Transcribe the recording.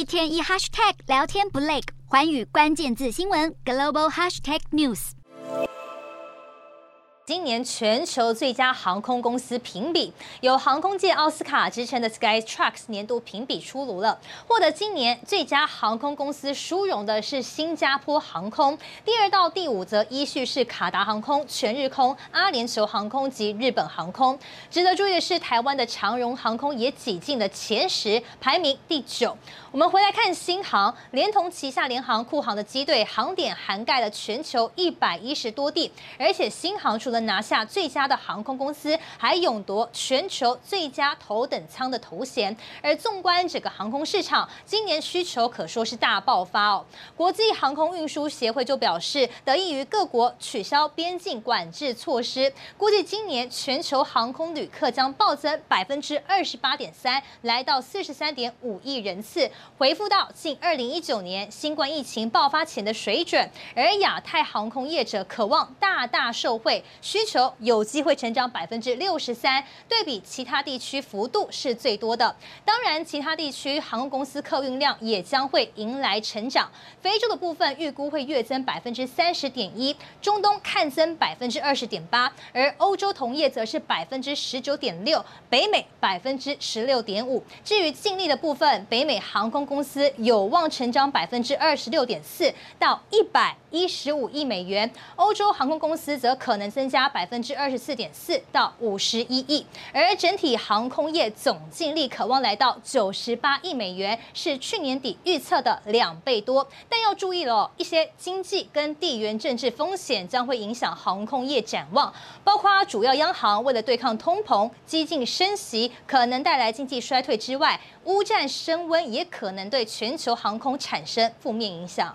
一天一 hashtag 聊天不累，寰宇關鍵字新聞 global hashtag news。今年全球最佳航空公司評比，有航空界奧斯卡之稱的 Skytrax 年度評比出爐了。獲得今年最佳航空公司殊榮的是新加坡航空，第二到第五則依序是卡達航空、全日空、阿聯酋航空及日本航空。值得注意的是，台灣的長榮航空也擠進了前十，排名第九。我們回來看新航，連同旗下聯航、庫航的機隊，航點涵蓋了全球一百一十多地。而且新航除了拿下最佳的航空公司，還勇奪全球最佳頭等艙的頭銜。而縱觀整個航空市場，今年需求可說是大爆發哦。國際航空運輸協會就表示，得益於各國取消邊境管制措施，估計今年全球航空旅客將暴增百分之二十八點三，來到四十三點五億人次，回復到近二零一九年新冠疫情爆發前的水準，而亞太航空業者可望大大受惠，需求有機會成長百分之六十三，對比其他地區幅度是最多的。當然，其他地區航空公司客運量也將會迎來成長。非洲的部分預估會躍增百分之三十點一，中東看增百分之二十點八，而歐洲同業則是百分之十九點六，北美百分之十六點五。至於淨利的部分，北美航。航空公司有望成長百分之二十六點四到一百一十五億美元，歐洲航空公司則可能增加百分之二十四點四到五十一億，而整體航空業總淨利可望來到九十八億美元，是去年底預測的兩倍多。但要注意了，一些經濟跟地緣政治風險將會影響航空業展望，包括主要央行為了對抗通膨，激進升息可能帶來經濟衰退之外，烏戰升溫也可。可能對全球航空產生負面影響。